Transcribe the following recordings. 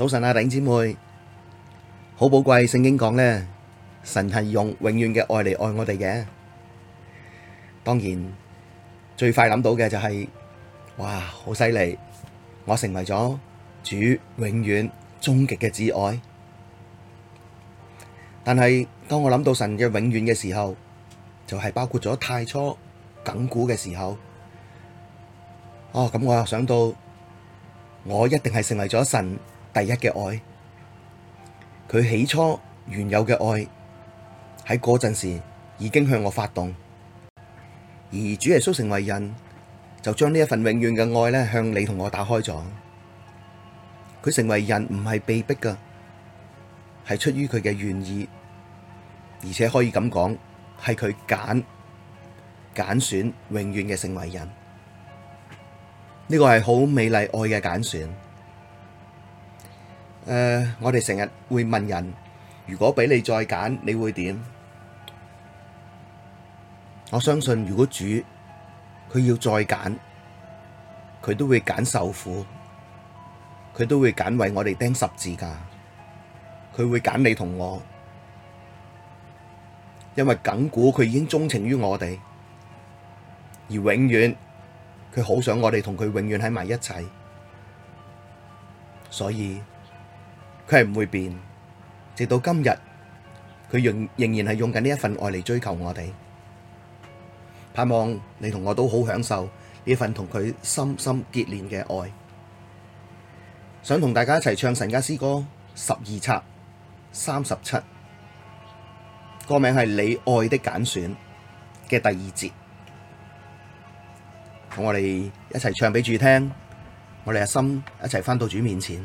早晨啊，弟兄姊妹，好寶貴。聖經講咧，神係用永遠嘅愛嚟愛我哋嘅。當然，最快諗到嘅就係，哇，好犀利，我成為咗主永遠終極嘅摯愛。但係當我諗到神嘅永遠嘅時候，就係包括咗太初亙古嘅時候。哦，咁我又想到，我一定係成為咗神。第一嘅愛，佢起初原有嘅愛喺嗰陣時已經向我發動，而主耶穌成為人，就將呢一份永遠嘅愛咧向你同我打開咗。佢成為人唔係被逼㗎，係出於佢嘅願意，而且可以咁講，係佢揀揀選永遠嘅成為人，呢個係好美麗愛嘅揀選，選。Uh, 我哋成日會問人：如果畀你再揀，你會點？我相信如果主佢要再揀，佢都會揀受苦，佢都會揀為我哋釘十字架，佢會揀你同我，因為亙古佢已經鍾情於我哋，而永遠佢好想我哋同佢永遠喺埋一齊，所以。佢唔會變，直到今日，佢仍仍然係用緊呢一份愛嚟追求我哋，盼望你同我都好享受呢份同佢深深結連嘅愛，想同大家一齊唱神家詩歌十二冊三十七，歌名係你愛的揀選嘅第二節，咁我哋一齊唱畀主聽，我哋嘅心一齊返到主面前。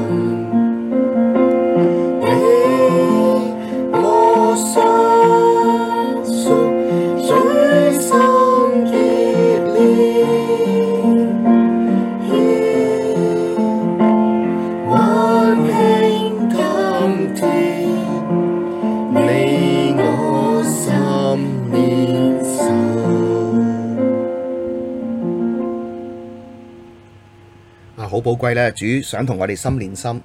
好寶貴咧，主想同我哋心連心，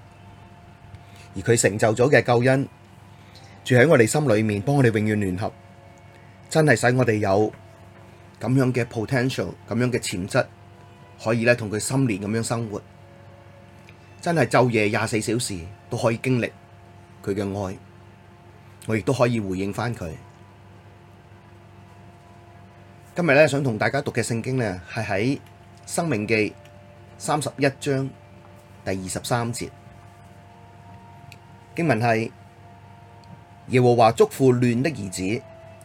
而佢成就咗嘅救恩住喺我哋心裏面，幫我哋永遠聯合，真係使我哋有咁樣嘅 potential，咁樣嘅潛質，可以咧同佢心連咁樣生活，真係晝夜廿四小時都可以經歷佢嘅愛，我亦都可以回應翻佢。今日咧想同大家讀嘅聖經咧，係喺《申命記》。三十一章第二十三節經文係耶和華囑咐嫩的兒子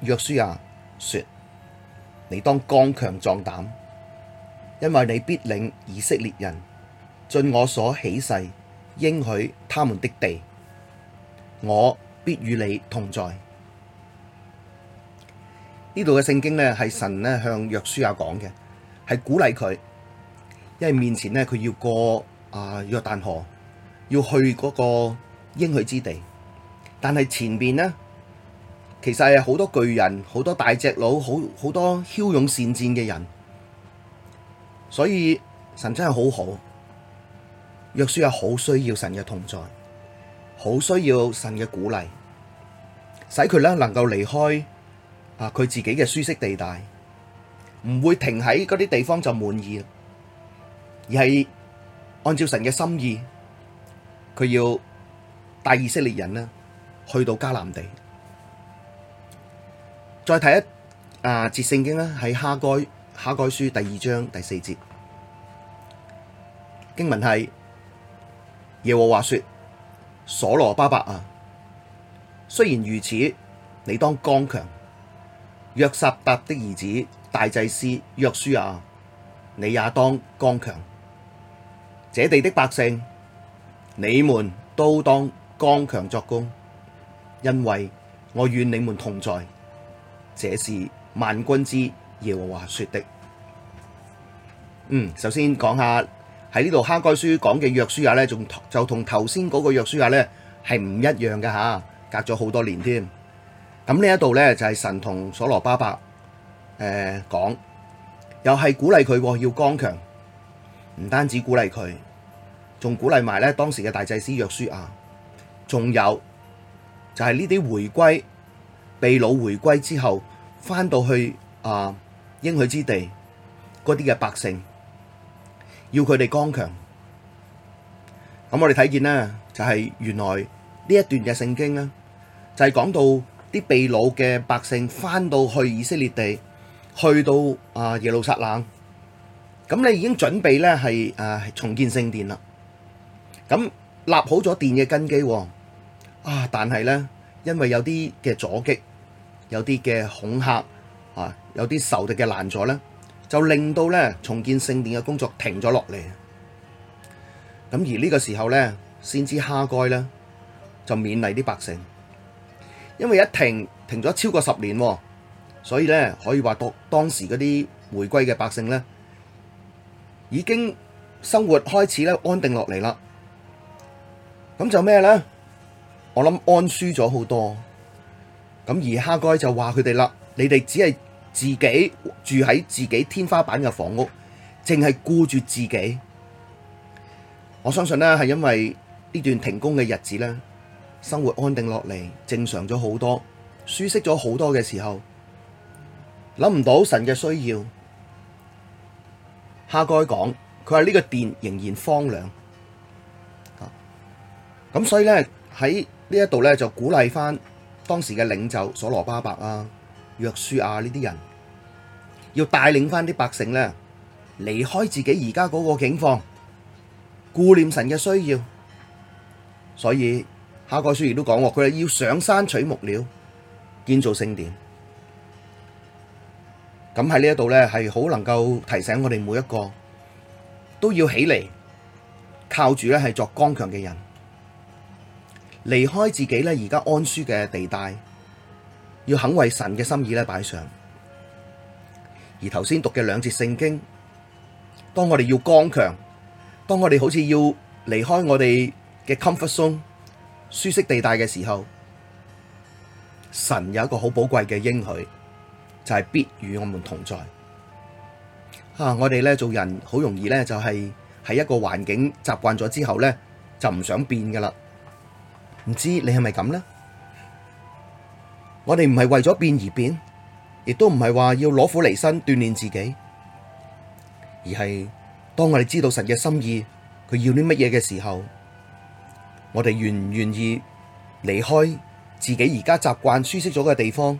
約書亞說：你當剛強壯膽，因為你必領以色列人進我所起誓應許他們的地，我必與你同在。呢度嘅聖經呢，係神咧向約書亞講嘅，係鼓勵佢。因為面前呢，佢要過啊約、呃、旦河，要去嗰個應許之地，但係前邊呢，其實係好多巨人，好多大隻佬，好好多驍勇善戰嘅人，所以神真係好好，約書亞好需要神嘅同在，好需要神嘅鼓勵，使佢咧能夠離開啊佢自己嘅舒適地帶，唔會停喺嗰啲地方就滿意。而係按照神嘅心意，佢要帶以色列人啦去到迦南地。再睇一啊節聖經啦，喺哈該哈該書第二章第四節。經文係耶和華說：所羅巴伯啊，雖然如此，你當剛強；約撒答的兒子大祭司約書亞啊，你也當剛強。這地的百姓，你們都當剛強做工，因為我與你們同在。這是萬軍之耶和華說的。嗯，首先講下喺呢度哈該書講嘅約書亞呢，仲就同頭先嗰個約書亞呢係唔一樣嘅吓，隔咗好多年添。咁呢一度呢，就係、是、神同所羅巴伯誒、呃、講，又係鼓勵佢要剛強。唔單止鼓勵佢，仲鼓勵埋咧當時嘅大祭司約書亞。仲有就係呢啲回歸被擄回歸之後，翻到去啊應許之地嗰啲嘅百姓，要佢哋剛強。咁我哋睇見呢，就係、是、原來呢一段嘅聖經啊，就係、是、講到啲被擄嘅百姓翻到去以色列地，去到啊耶路撒冷。咁你已經準備咧係誒重建聖殿啦，咁立好咗殿嘅根基喎，啊！但係咧，因為有啲嘅阻擊，有啲嘅恐嚇，啊，有啲仇敵嘅難阻咧，就令到咧重建聖殿嘅工作停咗落嚟。咁而呢個時候咧，先知哈該咧就勉勵啲百姓，因為一停停咗超過十年喎，所以咧可以話當當時嗰啲回歸嘅百姓咧。已經生活開始咧安定落嚟啦，咁就咩咧？我諗安舒咗好多，咁而哈該就話佢哋啦，你哋只係自己住喺自己天花板嘅房屋，淨係顧住自己。我相信咧係因為呢段停工嘅日子咧，生活安定落嚟，正常咗好多，舒適咗好多嘅時候，諗唔到神嘅需要。哈該講，佢話呢個殿仍然荒涼，啊，咁所以咧喺呢一度咧就鼓勵翻當時嘅領袖所羅巴伯啊、約書亞呢啲人，要帶領翻啲百姓咧離開自己而家嗰個境況，顧念神嘅需要，所以哈該書亦都講，佢係要上山取木料建造聖殿。咁喺呢一度咧，係好能夠提醒我哋每一個都要起嚟，靠住咧係作剛強嘅人，離開自己咧而家安舒嘅地帶，要肯為神嘅心意咧擺上。而頭先讀嘅兩節聖經，當我哋要剛強，當我哋好似要離開我哋嘅 comfort zone 舒適地帶嘅時候，神有一個好寶貴嘅應許。就係必與我們同在。吓、啊，我哋咧做人好容易咧，就係、是、喺一個環境習慣咗之後咧，就唔想變㗎喇。唔知你係咪咁咧？我哋唔係為咗變而變，亦都唔係話要攞苦離身鍛煉自己，而係當我哋知道神嘅心意，佢要啲乜嘢嘅時候，我哋願唔願意離開自己而家習慣舒適咗嘅地方？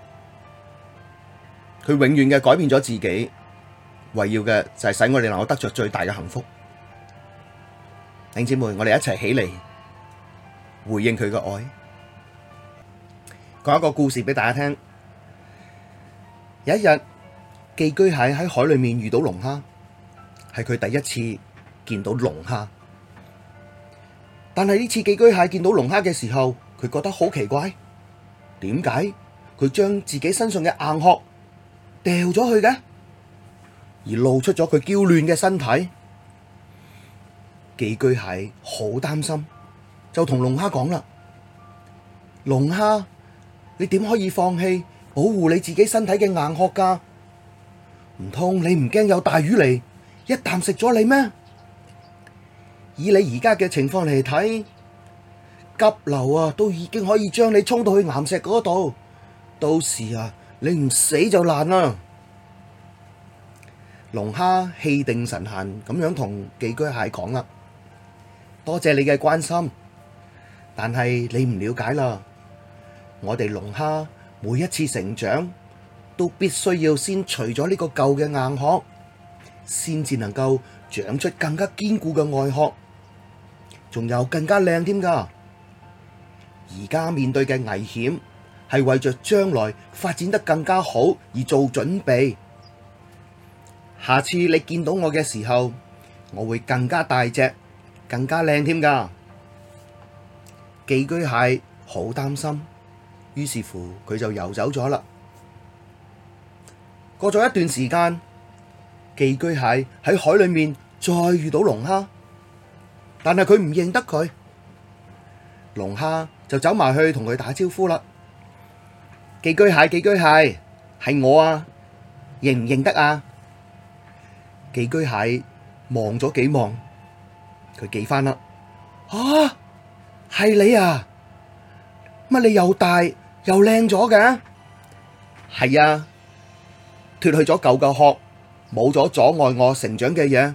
佢永遠嘅改變咗自己，圍繞嘅就係使我哋能夠得着最大嘅幸福。弟兄姊妹，我哋一齊起嚟回應佢嘅愛。講一個故事俾大家聽。有一日，寄居蟹喺海裏面遇到龍蝦，係佢第一次見到龍蝦。但係呢次寄居蟹見到龍蝦嘅時候，佢覺得好奇怪，點解？佢將自己身上嘅硬殼，掉咗去嘅，而露出咗佢嬌嫩嘅身體，寄居蟹好擔心，就同龍蝦講啦，龍蝦，你點可以放棄保護你自己身體嘅硬殼㗎？唔通你唔驚有大魚嚟一啖食咗你咩？以你而家嘅情況嚟睇，急流啊都已經可以將你衝到去岩石嗰度，到時啊。你唔死就難啦！龍蝦氣定神閒咁樣同寄居蟹講啦，多謝你嘅關心，但係你唔了解啦。我哋龍蝦每一次成長，都必須要先除咗呢個舊嘅硬殼，先至能夠長出更加堅固嘅外殼，仲有更加靚添㗎。而家面對嘅危險，係為着將來發展得更加好而做準備。下次你見到我嘅時候，我會更加大隻、更加靚添噶。寄居蟹好擔心，於是乎佢就游走咗啦。過咗一段時間，寄居蟹喺海裏面再遇到龍蝦，但係佢唔認得佢。龍蝦就走埋去同佢打招呼啦。寄居蟹，寄居蟹，係我啊！認唔認得啊？寄居蟹望咗幾望，佢記翻啦。吓、啊？係你啊？乜你又大又靚咗嘅？係啊！脫去咗舊嘅殼，冇咗阻礙我成長嘅嘢。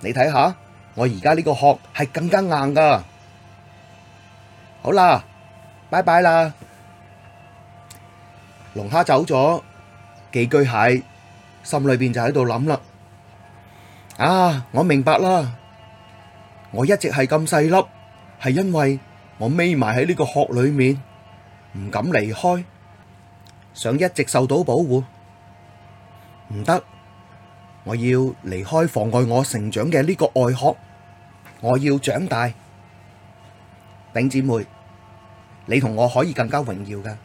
你睇下，我而家呢個殼係更加硬噶。好啦，拜拜啦。龍蝦走咗，寄居蟹心裏邊就喺度諗啦。啊，我明白啦。我一直係咁細粒，係因為我匿埋喺呢個殼裏面，唔敢離開，想一直受到保護。唔得，我要離開妨礙我成長嘅呢個外殼，我要長大。頂姐妹，你同我可以更加榮耀噶。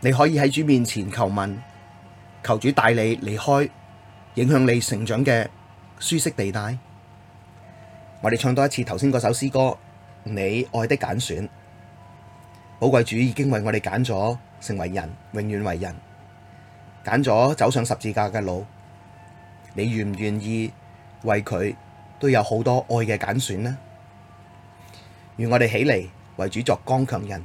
你可以喺主面前求問，求主帶你離開影響你成長嘅舒適地帶。我哋唱多一次頭先嗰首詩歌《你愛的揀選》，寶貴主已經為我哋揀咗成為人，永遠為人，揀咗走上十字架嘅路。你願唔願意為佢都有好多愛嘅揀選呢？願我哋起嚟為主作剛強人。